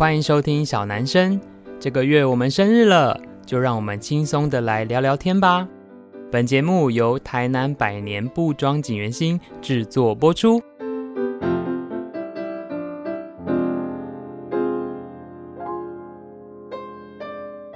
歡迎收聽小南生。這個月我們生日了，就讓我們輕鬆的來聊聊天吧。本節目由台南百年布莊錦源興製作播出。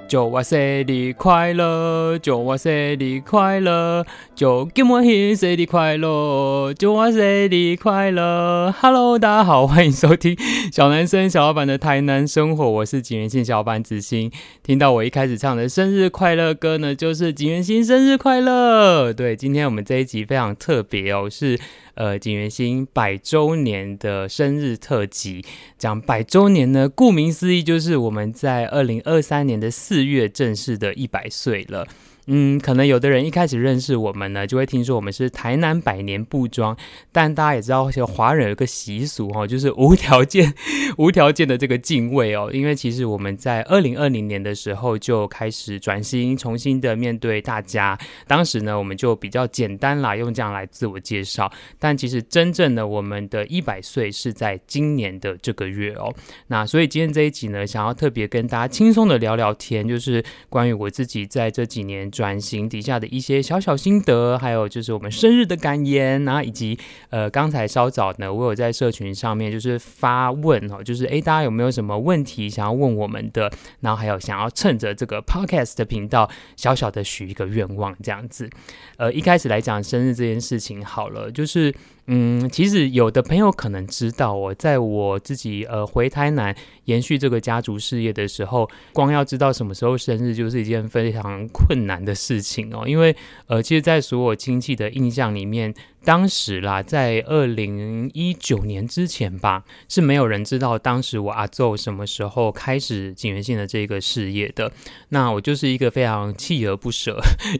祝我生日快樂，祝我生日快樂，就給我獻生日快樂，祝我生日快，快，快樂。Hello，大家好，歡迎收聽小南生小老闆的台南生活，我是錦源興小老闆子興。聽到我一開始唱的生日快樂歌呢，就是錦源興生日快樂。對，今天我們這一集非常特別哦，是呃錦源興百周年的生日特輯。講百周年呢，顧名思義就是我們在二零二三年的四四月正式地一百歲了。嗯，可能有的人一開始認識我們呢，就會聽說我們是台南百年布莊。但大家也知道，其實華人有個習俗哦，就是無條件、無條件的這個敬畏哦。因為其實我們在二零二零年的時候就開始轉型，重新的面對大家。當時呢，我們就比較簡單啦，用這樣來自我介紹。但其實真正的我們的一百歲是在今年的這個月哦。那所以今天這一集呢，想要特別跟大家輕鬆的聊聊天，就是關於我自己在這幾年。轉型底下的一些小小心得，還有就是我們生日的感言啊，以及呃剛才稍早呢，我有在社群上面就是發問喔，就是欸，大家有沒有什麼問題想要問我們的，然後還有想要趁着這個 podcast 的頻道小小的許一個願望這樣子。呃，一開始來講生日這件事情好了，就是。嗯，其實有的朋友可能知道哦，我在我自己呃回台南延續這個家族事業的時候，光要知道什麼時候生日就是一件非常困難的事情哦，因為呃，其實，在所有親戚的印象裡面。當時啦，在二零一九年之前吧，是沒有人知道當時我阿祖什麼時候開始錦源興的這個事業的。那我就是一個非常鍥而不捨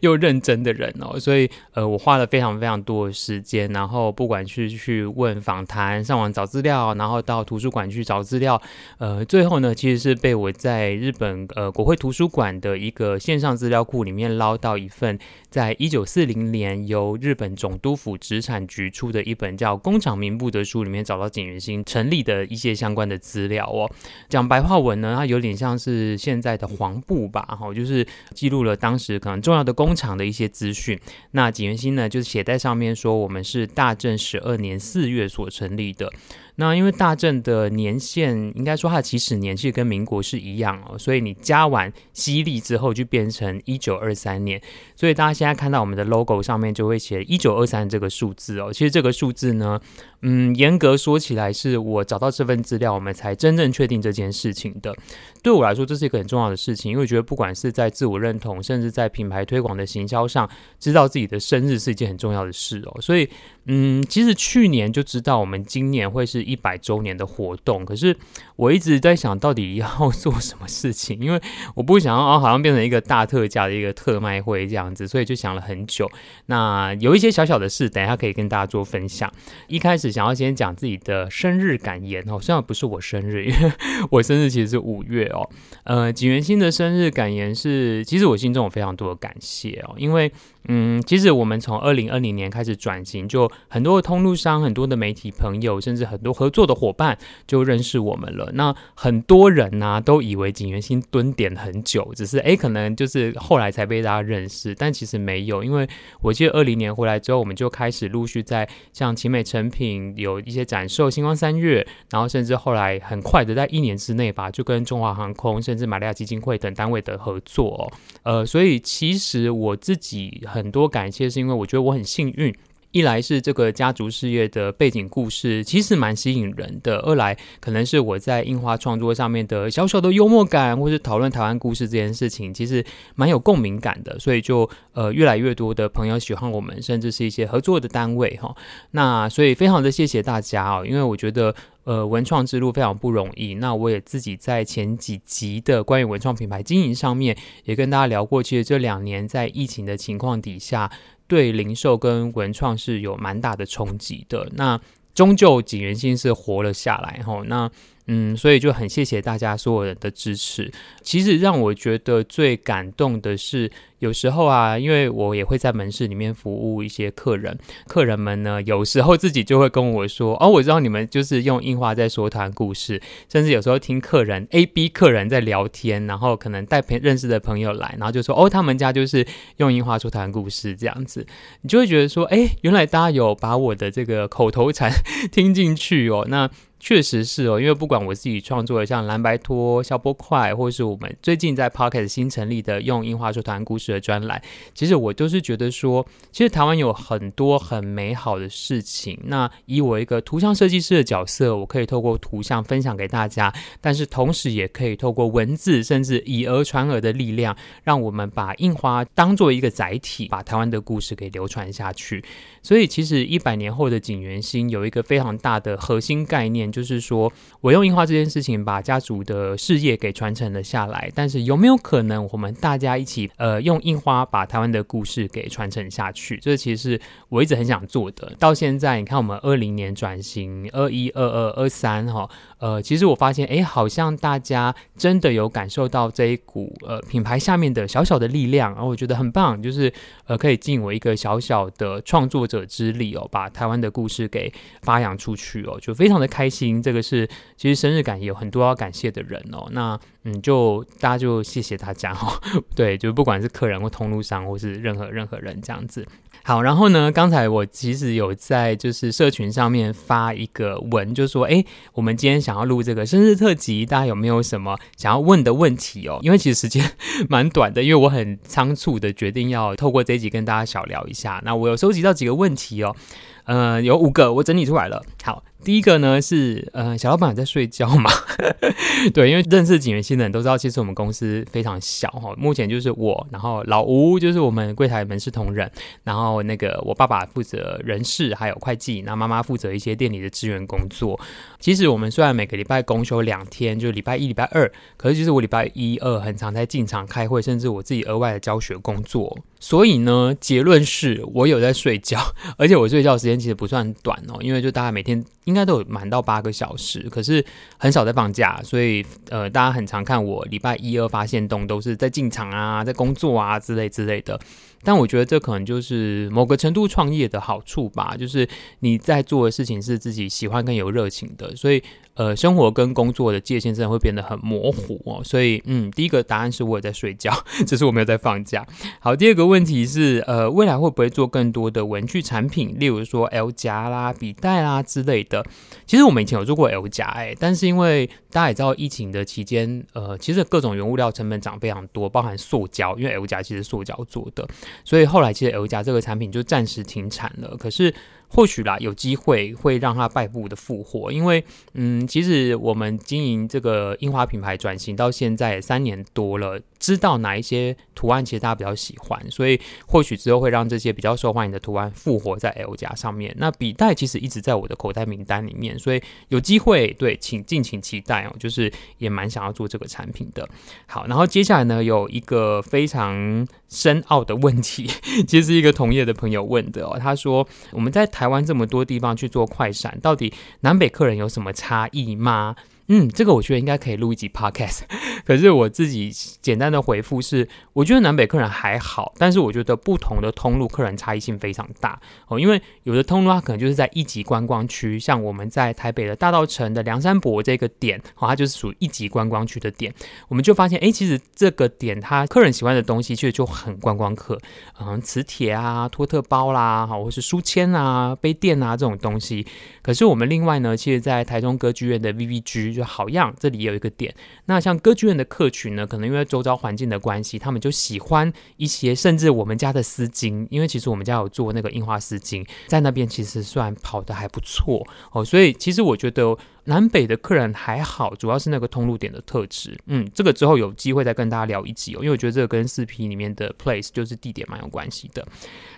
又認真的人哦，所以呃，我花了非常非常多的時間，然後不管是去，去問訪談、上網找資料，然後到圖書館去找資料，呃，最後呢，其實是被我在日本呃國會圖書館的一個線上資料庫裡面撈到一份，在一九四零年由日本總督府資產局出的一本叫《工廠名簿》的書裡面找到錦源興成立的一些相關的資料哦。講白話文呢，它有點像是現在的黃簿吧，哈，就是記錄了當時可能重要的工廠的一些資訊。那錦源興呢，就是寫在上面說我們是大正十二年四月所成立的。那因為大正的年限應該說它的起始年其實跟民國是一樣喔，所以你加完西曆之後就變成一九二三年，所以大家現在看到我們的 logo 上面就會寫一九二三這個數字喔。其實這個數字呢，嗯，嚴格說起來是我找到這份資料，我們才真正確定這件事情的。對我來說，這是一個很重要的事情，因為我覺得不管是在自我認同，甚至在品牌推廣的行銷上，知道自己的生日是一件很重要的事喔。所以，嗯，其實去年就知道我們今年會是。一百周年的活動，可是我一直在想到底要做什麼事情，因為我不想要啊、哦，好像變成一個大特價的一個特賣會這樣子，所以就想了很久。那有一些小小的事，等一下可以跟大家做分享。一開始想要先講自己的生日感言，好像不是我生日，因為我生日其實是五月哦。呃，錦源興的生日感言是，其實我心中有非常多的感謝哦，因為嗯，其實我們從二零二零年開始轉型，就很多的通路商、很多的媒體朋友，甚至很多。合作的伙伴就認識我們了。那很多人呢、啊、都以為錦源興蹲點很久，只是誒、欸，可能就是後來才被大家認識。但其實沒有，因為我記得二零年回來之後，我們就開始陸續在像奇美成品有一些展售，新光三越，然後甚至後來很快的在一年之內吧，就跟中華航空甚至瑪利亞基金會等單位的合作、哦。呃，所以其實我自己很多感謝，是因為我覺得我很幸運。一來是這個家族事業的背景故事其實蠻吸引人的，二來可能是我在印花創作上面的小小的幽默感，或是討論台灣故事這件事情，其實蠻有共鳴感的，所以就呃越來越多的朋友喜歡我們，甚至是一些合作的單位哈、哦。那所以非常的謝謝大家哦，因為我覺得呃文創之路非常不容易。那我也自己在前幾集的關於文創品牌經營上面也跟大家聊過，其實這兩年在疫情的情況底下。對零售跟文創是有蠻大的衝擊的，那終究錦源興是活了下來哈，那。嗯，所以就很謝謝大家所有人的支持。其實讓我覺得最感動的是，有時候啊，因為我也會在門市裡面服務一些客人，客人們呢，有時候自己就會跟我說：“哦，我知道你們就是用印花在說台灣故事。”甚至有時候聽客人 A、B 客人在聊天，然後可能帶朋認識的朋友來，然後就說：“哦，他們家就是用印花說台灣故事這樣子。”你就會覺得說：“哎，原來大家有把我的這個口頭禪聽進去哦。”那。確實是哦，因為不管我自己創作的像藍白拖、消波塊，或是我們最近在 Podcast 新成立的用印花說台灣故事的專欄，其實我都是覺得說，其實台灣有很多很美好的事情。那以我一個圖像設計師的角色，我可以透過圖像分享給大家，但是同時也可以透過文字，甚至以訛傳訛的力量，讓我們把印花當做一個載體，把台灣的故事給流傳下去。所以，其實一百年後的錦源興有一個非常大的核心概念。就是說我用印花這件事情把家族的事業給傳承了下來，但是有沒有可能我們大家一起呃用印花把台灣的故事給傳承下去？這其實是我一直很想做的。到現在你看，我們二零年轉型二一、二二、二三哈，呃，其實我發現哎，好像大家真的有感受到這一股呃品牌下面的小小的力量，哦，然後我覺得很棒，就是呃可以盡我一個小小的創作者之力哦，把台灣的故事給發揚出去哦，就非常的開心。這個是，其實生日感有很多要感謝的人哦。那嗯，就大家就謝謝大家哦。對，就不管是客人或通路商，或是任何任何人這樣子。好，然後呢，剛才我其實有在就是社群上面發一個文，就說哎，我們今天想要錄這個生日特輯，大家有沒有什麼想要問的問題哦？因為其實時間蠻短的，因為我很倉促的決定要透過這一集跟大家小聊一下。那我有收集到幾個問題哦。呃，有五個，我整理出來了。好，第一個呢是呃，小老闆在睡覺嘛？ 對，因為認識景元新的人都知道，其實我們公司非常小哈。目前就是我，然後老吳就是我們櫃台門市同仁，然後那個我爸爸負責人事，還有會計，然後媽媽負責一些店裡的支援工作。其實我們雖然每個禮拜公休兩天，就是禮拜一、禮拜二，可是就是我禮拜一、二很常在進場開會，甚至我自己額外的教學工作。所以呢，結論是我有在睡覺，而且我睡覺時間。其實不算短哦，因為就大家每天應該都有滿到八個小時，可是很少在放假，所以呃，大家很常看我禮拜一二發限動都是在進場啊，在工作啊之類之類的。但我覺得這可能就是某個程度創業的好處吧，就是你在做的事情是自己喜歡跟有熱情的，所以。呃，生活跟工作的界限真的會變得很模糊哦，所以，嗯，第一個答案是我也在睡覺，只是我沒有在放假。好，第二個問題是，呃，未來會不會做更多的文具產品，例如說 L 夾啦、筆袋啦之類的？其實我們以前有做過 L 夾哎、欸，但是因為大家也知道，疫情的期間，呃，其實各種原物料成本漲非常多，包含塑膠，因為 L 夾其實塑膠做的，所以後來其實 L 夾這個產品就暫時停產了。可是或許啦，有機會會讓他敗部的復活，因為嗯，其實我們經營這個印花品牌轉型到現在三年多了，知道哪一些圖案其實大家比較喜歡，所以或許之後會讓這些比較受歡迎的圖案復活在 L 夾上面。那筆袋其實一直在我的口袋名單裡面，所以有機會對，請敬請期待哦、喔，就是也蠻想要做這個產品的。好，然後接下來呢，有一個非常深奧的問題，其實是一個同業的朋友問的哦、喔，他說我們在台。台灣這麼多地方去做快閃，到底南北客人有什麼差異嗎？嗯，這個我覺得應該可以錄一集 podcast。可是我自己簡單的回復是，我覺得南北客人還好，但是我覺得不同的通路客人差異性非常大哦。因為有的通路它可能就是在一級觀光區，像我們在台北的大稻埕的梁山伯這個點，哦，它就是屬於一級觀光區的點，我們就發現，哎，其實這個點它客人喜歡的東西，其實就很觀光客，嗯，磁鐵啊、托特包啦，好，或是書籤啊、杯墊啊這種東西。可是我們另外呢，其實，在台中歌劇院的 VVG。就好樣，這裡也有一個點。那像歌劇院的客群呢，可能因為周遭環境的關係，他們就喜歡一些，甚至我們家的絲巾，因為其實我們家有做那個印花絲巾，在那邊其實算跑得還不錯哦。所以其實我覺得、哦、南北的客人還好，主要是那個通路點的特質。嗯，這個之後有機會再跟大家聊一集哦，因為我覺得這個跟 4P 裡面的 place 就是地點蠻有關係的。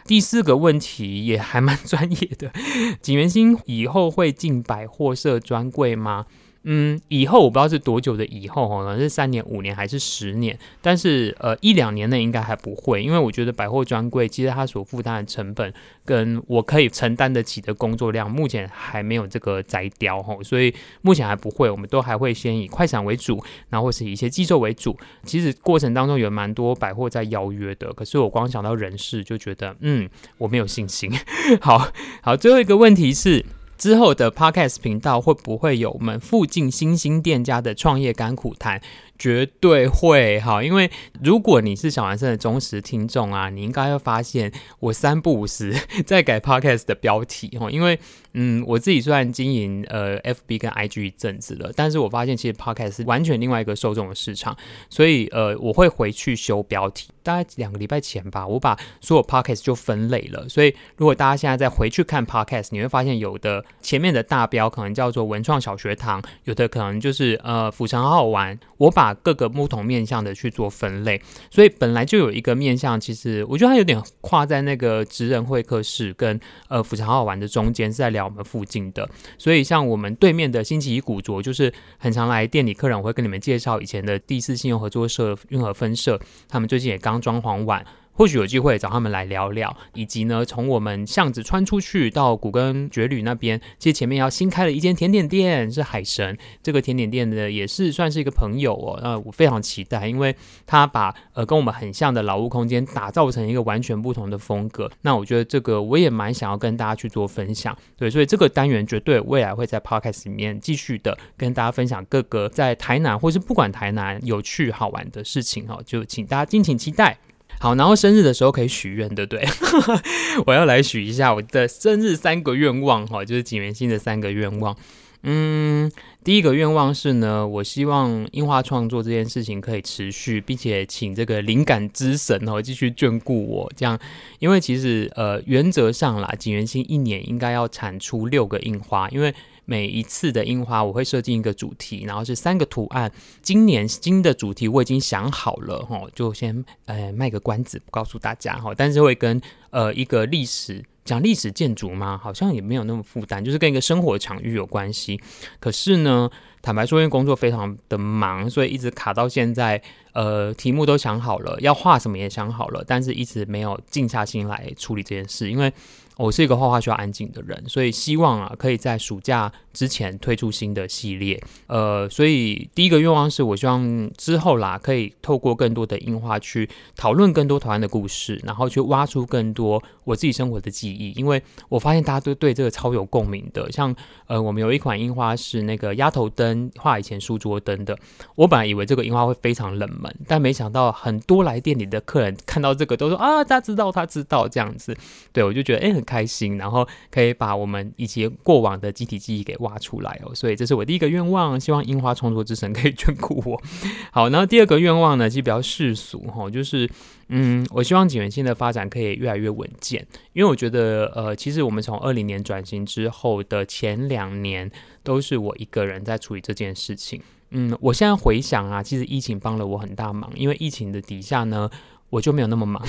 第四個問題也還蠻專業的，錦源興以後會進百貨社專櫃嗎？嗯，以後我不知道是多久的以後齁，可能是三年、五年還是十年。但是呃，一兩年內應該還不會，因為我覺得百貨專櫃其實它所負擔的成本跟我可以承擔得起的工作量，目前還沒有這個才調齁，所以目前還不會。我們都還會先以快閃為主，然後是以一些寄售為主。其實過程當中有蠻多百貨在邀約的，可是我光想到人事就覺得嗯，我沒有信心。好好，最後一個問題是。之後的 Podcast 頻道會不會有我們附近新興店家的創業甘苦談？絕對會哈，因為如果你是小南生的忠實聽眾啊，你應該會發現我三不五時 在改 podcast 的標題哈。因為嗯，我自己雖然經營呃 FB 跟 IG 一陣子了，但是我發現其實 podcast 是完全另外一個受眾的市場，所以呃，我會回去修標題。大概兩個禮拜前吧，我把所有 podcast 就分類了，所以如果大家現在再回去看 podcast，你會發現有的前面的大標可能叫做“文創小學堂”，有的可能就是呃“府城好好玩”，我把，把各個不同面向的去做分類，所以本來就有一個面向，其實我覺得它有點跨在那個職人會客室跟呃府城好玩的中間，是在聊我們附近的。所以像我們對面的星期一古着，就是很常來店裡客人，我會跟你們介紹以前的第四信用合作社運河分社，他們最近也剛裝潢完。或許有機會找他們來聊聊，以及呢，從我們巷子穿出去到古根絕旅那邊，其實前面要新開了一間甜點店，是海神。這個甜點店呢，也是算是一個朋友哦。那我非常期待，因為他把呃跟我們很像的老屋空間打造成一個完全不同的風格。那我覺得這個我也蠻想要跟大家去做分享，對，所以這個單元絕對未來會在 Podcast 裡面繼續的跟大家分享各個在台南或是不管台南有趣好玩的事情哈，哦，就請大家敬請期待。好，然後生日的時候可以許願，對不對？ 我要來許一下我的生日三個願望哈，就是錦源興的三個願望。嗯，第一個願望是呢，我希望印花創作這件事情可以持續，並且請這個靈感之神哈繼續眷顧我。這樣，因為其實呃，原則上啦，錦源興一年應該要產出六個印花，因為。每一次的印花，我會設計一個主題，然後是三個圖案。今年新的主題我已經想好了，吼、哦，就先呃、哎、賣個關子，不告訴大家吼、哦，但是會跟呃一個歷史講歷史建築嗎？好像也沒有那麼負擔，就是跟一個生活場域有關係。可是呢，坦白說，因為工作非常的忙，所以一直卡到現在。呃，題目都想好了，要畫什麼也想好了，但是一直沒有靜下心來處理這件事，因為。我是一個畫畫需要安靜的人，所以希望啊，可以在暑假之前推出新的系列。呃，所以第一個願望是我希望之後啦，可以透過更多的印花去討論更多台灣的故事，然後去挖出更多我自己生活的記憶。因為我發現大家都對這個超有共鳴的。像呃，我們有一款印花是那個鴨頭燈，畫以前書桌燈的。我本來以為這個印花會非常冷門，但沒想到很多來店裡的客人看到這個都說啊，他知道，他知道這樣子。對，我就覺得哎很。欸開心，然後可以把我們一些過往的集體記憶給挖出來哦，所以這是我第一個願望，希望櫻花創作之神可以眷顧我。好，然後第二個願望呢，其實比較世俗哦，就是嗯，我希望錦源興的發展可以越來越穩健，因為我覺得呃，其實我們從二零年轉型之後的前兩年，都是我一個人在處理這件事情。嗯，我現在回想啊，其實疫情幫了我很大忙，因為疫情的底下呢。我就沒有那麼忙，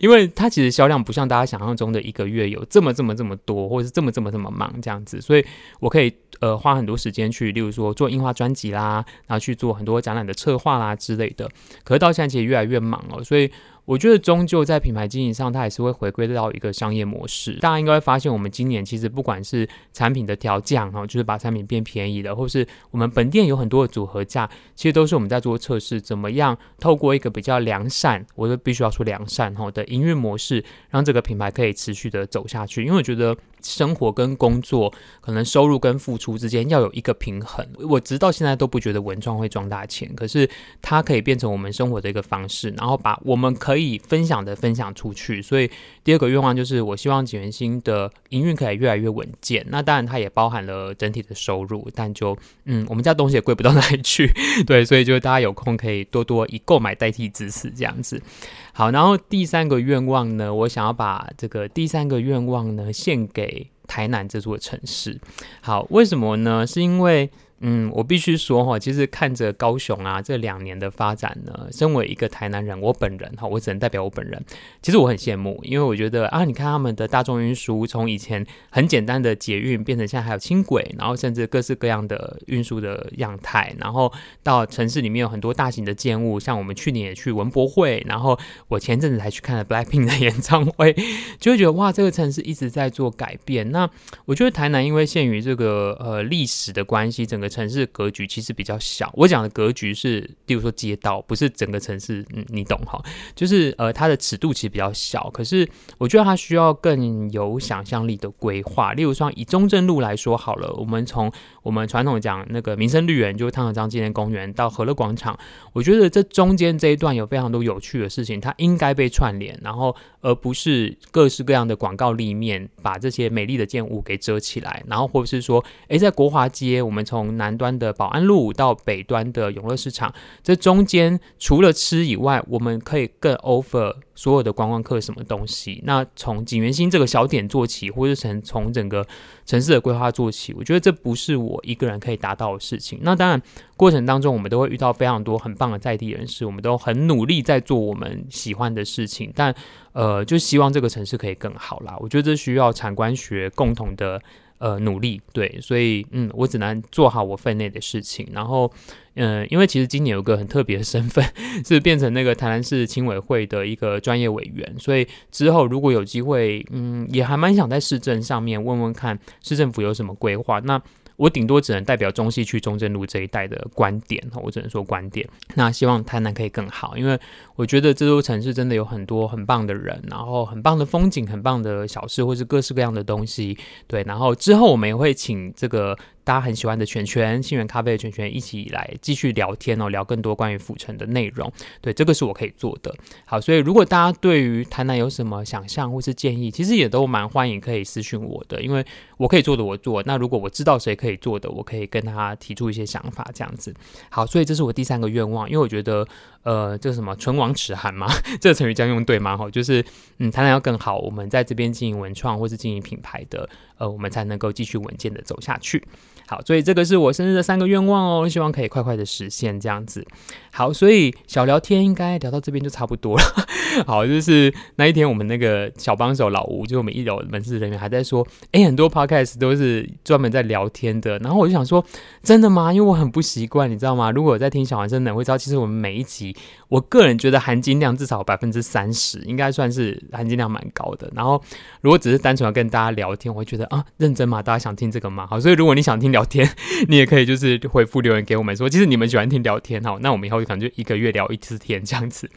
因為它其實銷量不像大家想象中的一個月有這麼這麼這麼多，或者是這麼這麼這麼忙這樣子，所以我可以呃花很多時間去，例如說做印花專輯啦，然後去做很多展覽的策劃啦之類的。可是到現在其實越來越忙了喔，所以，我覺得終究在品牌經營上，它也是會回歸到一個商業模式。大家應該會發現，我們今年其實不管是產品的調降哈，就是把產品變便宜了，或是我們本店有很多的組合價，其實都是我們在做測試，怎麼樣透過一個比較良善，我就必須要出良善哈的營運模式，讓這個品牌可以持續的走下去。因為我覺得。生活跟工作可能收入跟付出之間要有一個平衡。我直到現在都不覺得文創會賺大錢，可是它可以變成我們生活的一個方式，然後把我們可以分享的分享出去。所以第二個願望就是，我希望錦源興的營運可以越來越穩健。那當然，它也包含了整體的收入，但就嗯，我們家東西也貴不到哪裡去。對，所以就是大家有空可以多多以購買代替支持，這樣子。好，然後第三個願望呢，我想要把這個第三個願望呢獻給台南這座城市。好，為什麼呢？是因為。嗯，我必須說哈，其實看着高雄啊這兩年的發展呢，身為一個台南人，我本人哈，我只能代表我本人。其實我很羨慕，因為我覺得啊，你看他們的大眾運輸，從以前很簡單的捷運，變成現在還有輕軌，然後甚至各式各樣的運輸的樣態，然後到城市裡面有很多大型的建物，像我們去年也去文博會，然後我前陣子才去看了 BLACKPINK 的演唱會，就會覺得哇，這個城市一直在做改變。那我覺得台南因為限於這個呃歷史的關係，整個城市格局其實比較小，我講的格局是，例如說街道，不是整個城市，嗯、你懂哈？就是呃，它的尺度其實比較小，可是我覺得它需要更有想象力的規劃。例如說，以中正路來說好了，我們從我們傳統講那個民生綠園，就是湯德章紀念公園到河樂廣場，我覺得這中間這一段有非常多有趣的事情，它應該被串聯，然後，而不是各式各樣的廣告立面把這些美麗的建物給遮起來，然後或者是說，哎、欸，在國華街，我們從南端的保安路到北端的永樂市場，這中間除了吃以外，我們可以更 over。所有的觀光客什麼東西？那從錦源興這個小點做起，或是從從整個城市的規劃做起，我覺得這不是我一個人可以達到的事情。那當然，過程當中我們都會遇到非常多很棒的在地人士，我們都很努力在做我們喜歡的事情，但呃，就希望這個城市可以更好啦。我覺得這需要產官學共同的。呃，努力對，所以嗯，我只能做好我分內的事情。然後，嗯、呃，因為其實今年有個很特別的身份，是變成那個台南市青委會的一個專業委員。所以之後如果有機會，嗯，也還蠻想在市政上面問問看市政府有什麼規劃。那。我頂多只能代表中西區中正路這一帶的觀點，我只能說觀點。那希望台南可以更好，因為我覺得這座城市真的有很多很棒的人，然後很棒的風景，很棒的小吃，或是各式各樣的東西。對，然後之後我們也會請這個。大家很喜歡的全全星源咖啡的全全，一起來繼續聊天哦，聊更多關於府城的內容。對，這個是我可以做的。好，所以如果大家對於台南有什麼想象或是建議，其實也都蠻歡迎可以私訊我的，因為我可以做的我做。那如果我知道誰可以做的，我可以跟他提出一些想法這樣子。好，所以這是我第三個願望，因為我覺得。呃，這什麼“唇亡齒寒”嘛，這個成語這樣用對嗎？哦、就是嗯，臺南要更好，我們在這邊經營文創或是經營品牌的，呃，我們才能夠繼續穩健的走下去。好，所以這個是我生日的三個願望哦，希望可以快快的實現這樣子。好，所以小聊天應該聊到這邊就差不多了。 好，就是那一天我們那個小幫手老吳，就我們一樓門市人員還在說，哎、欸，很多 podcast 都是專門在聊天的。然後我就想說，真的嗎？因為我很不習慣，你知道嗎？如果我在聽小南生的，我會知道，其實我們每一集，我個人覺得含金量至少百分之三十，應該算是含金量蠻高的。然後如果只是單純要跟大家聊天，我會覺得啊，認真嘛，大家想聽這個嗎？好，所以如果你想聽聊。聊天， 你也可以就是回復留言給我們說，其實你們喜歡聽聊天哈，那我們以後可能就一個月聊一次天這樣子。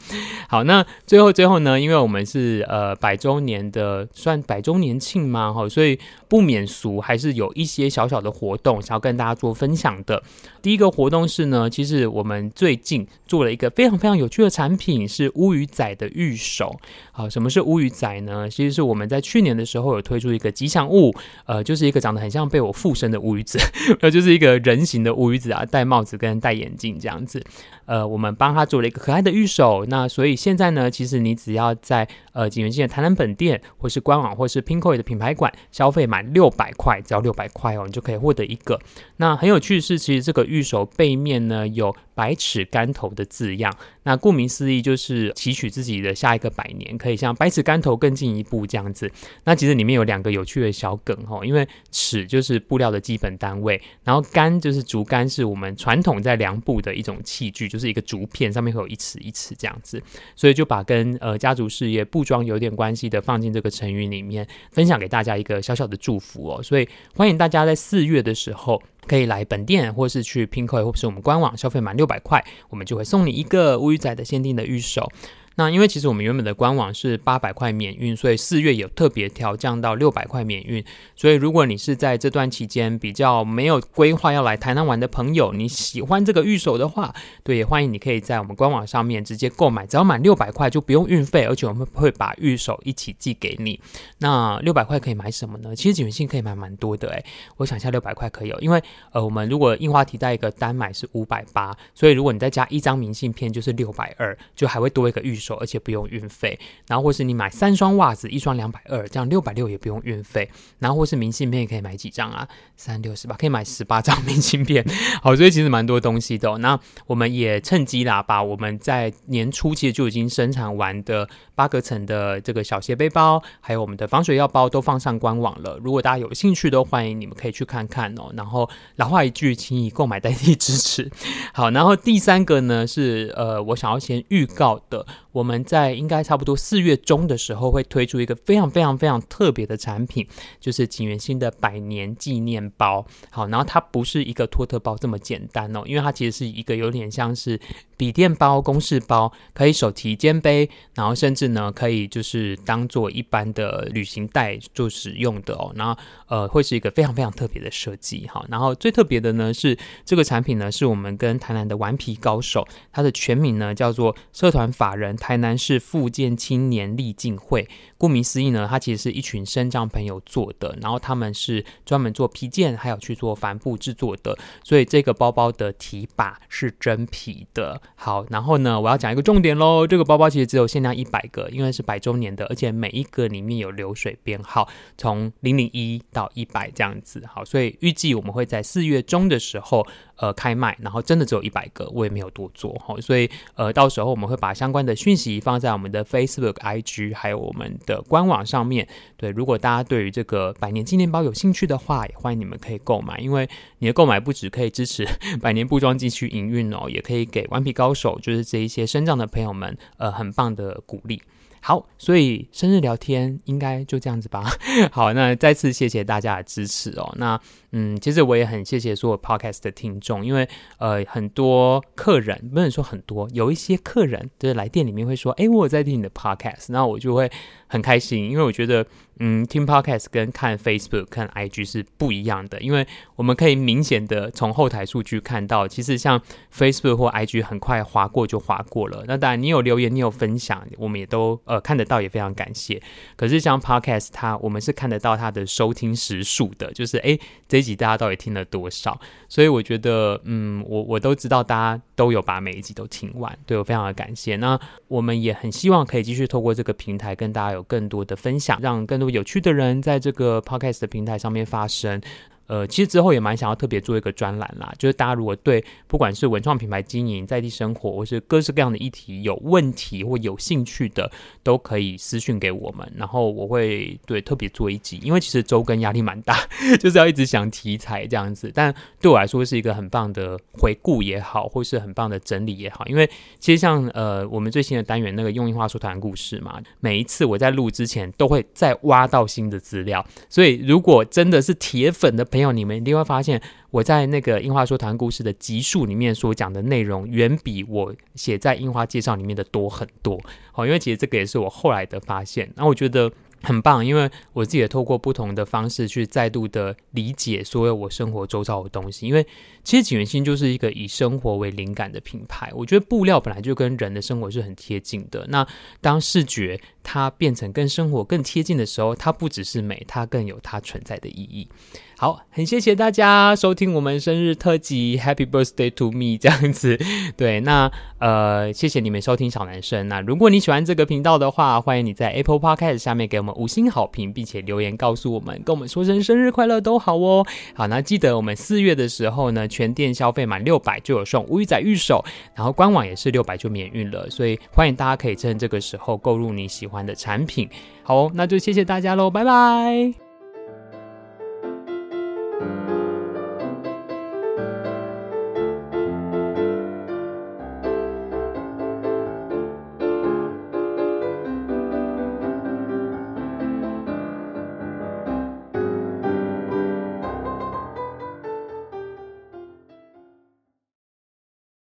好，那最後最後呢，因為我們是呃百週年的算百週年慶嘛哈，所以不免俗，還是有一些小小的活動想要跟大家做分享的。第一個活動是呢，其實我們最近做了一個非常非常有趣的產品，是烏魚仔的御守。好、呃，什麼是烏魚仔呢？其實是我們在去年的時候有推出一個吉祥物，呃，就是一個長得很像被我附身的烏魚仔。那 就是一個人形的烏魚子啊，戴帽子跟戴眼鏡這樣子。呃，我們幫他做了一個可愛的御守。那所以現在呢，其實你只要在呃錦源興的台南本店，或是官網，或是 Pinkoi 的品牌館消費滿六百塊，只要六百塊哦，你就可以獲得一個。那很有趣的是，其實這個御守背面呢有百尺竿頭的字樣，那顧名思義就是期許自己的下一個百年，可以像百尺竿頭更進一步這樣子。那其實裡面有兩個有趣的小梗哈、哦，因為尺就是布料的基本單位，然後竿就是竹竿，是我們傳統在量布的一種器具，就是一個竹片上面會有一尺一尺這樣子，所以就把跟呃家族事業布莊有點關係的放進這個成語裡面，分享給大家一個小小的祝福哦。所以歡迎大家在四月的時候。可以來本店，或是去拼客，或是我們官網消費滿六百塊，我們就會送你一個烏魚仔的限定的預售。那因為其實我們原本的官網是八百塊免運，所以四月有特別調降到六百塊免運。所以如果你是在這段期間比較沒有規劃要來台南玩的朋友，你喜歡這個御守的話，對，也歡迎你可以在我們官網上面直接購買，只要滿六百塊就不用運費，而且我們會把御守一起寄給你。那六百塊可以買什麼呢？其實錦源興可以買蠻多的誒、欸，我想一下，六百塊可以、喔，因為呃，我們如果印花提袋一個單買是五百八，所以如果你再加一張明信片就是六百二，就還會多一個御守。而且不用運費，然後或是你買三雙襪子，一雙兩百二，這樣六百六也不用運費。然後或是明信片也可以買幾張啊，三六十八可以買十八張明信片。好，所以其實蠻多東西的哦。那我們也趁機啦，把我們在年初其實就已經生產完的八格層的這個小鞋背包，還有我們的防水藥包都放上官網了。如果大家有興趣，都歡迎你們可以去看看哦。然後老話一句，請以購買代替支持。好，然後第三個呢是呃，我想要先預告的。我們在應該差不多四月中的時候會推出一個非常非常非常特別的產品，就是錦源興的百年紀念包。好，然後它不是一個托特包這麼簡單哦，因為它其實是一個有點像是。筆電包、公事包可以手提、肩背，然後甚至呢可以就是當做一般的旅行袋就使用的哦。然後，呃，會是一個非常非常特別的設計哈。然後最特別的呢是這個產品呢是我們跟台南的頑皮高手，它的全名呢叫做社團法人台南市復健青年勵進會。顧名思義呢，它其實是一群生疆朋友做的，然後他們是專門做皮件，還有去做帆布製作的，所以這個包包的提把是真皮的。好，然後呢，我要講一個重點嘍，這個包包其實只有限量一百個，因為是百周年的，而且每一個裡面有流水編號，從零零一到一百這樣子。好，所以預計我們會在四月中的時候，呃，開賣，然後真的只有一百個，我也沒有多做。好，所以呃，到時候我們會把相關的訊息放在我們的 Facebook、IG，還有我們的的官網上面，對，如果大家對於這個百年紀念包有興趣的話，也歡迎你們可以購買，因為你的購買不止可以支持百年布莊繼續營運哦，也可以給頑皮高手，就是這一些生長的朋友們，呃，很棒的鼓勵。好，所以生日聊天應該就這樣子吧。好，那再次謝謝大家的支持哦。那，嗯，其實我也很謝謝所有 podcast 的聽眾，因為呃，很多客人不能說很多，有一些客人就是來店裡面會說，哎、欸，我有在聽你的 podcast，那我就會。很開心，因為我覺得，嗯，聽 podcast 跟看 Facebook、看 IG 是不一樣的，因為我們可以明顯的從後台數據看到，其實像 Facebook 或 IG 很快滑過就滑過了。那當然，你有留言，你有分享，我們也都呃看得到，也非常感謝。可是像 podcast，它我們是看得到它的收聽時數的，就是欸，這一集大家到底聽了多少？所以我覺得，嗯，我我都知道大家都有把每一集都聽完，對，我非常的感謝。那我們也很希望可以繼續透過這個平台跟大家有。更多的分享，讓更多有趣的人在這個 podcast 的平台上面發聲。呃，其實之後也蠻想要特別做一個專欄啦，就是大家如果對不管是文創品牌經營、在地生活，或是各式各樣的議題有問題或有興趣的，都可以私訊給我們，然後我會對，特別做一集，因為其實週更壓力蠻大，就是要一直想題材這樣子，但對我來說是一個很棒的回顧也好，或是很棒的整理也好，因為其實像呃我們最新的單元那個用一句話說台灣故事嘛，每一次我在錄之前都會再挖到新的資料，所以如果真的是鐵粉的。朋友，你們一定會發現，我在那個印花說談故事的集數裡面所講的內容，遠比我寫在印花介紹裡面的多很多。好，因為其實這個也是我後來的發現，啊，那我覺得很棒，因為我自己也透過不同的方式去再度的理解所有我生活周遭的東西，因為。其實錦源興就是一個以生活為靈感的品牌。我覺得布料本來就跟人的生活是很貼近的。那當視覺它變成跟生活更貼近的時候，它不只是美，它更有它存在的意義。好，很謝謝大家收聽我們生日特輯《Happy Birthday to Me》這樣子。對，那呃，謝謝你們收聽小南生。那如果你喜歡這個頻道的話，歡迎你在 Apple Podcast 下面給我們五星好評，並且留言告訴我們，跟我們說聲生日快樂都好哦。好，那記得我們四月的時候呢。全店消費滿六百就有送烏魚仔御守，然後官網也是六百就免運了，所以歡迎大家可以趁這個時候購入你喜歡的產品。好哦，那就謝謝大家嘍，拜拜。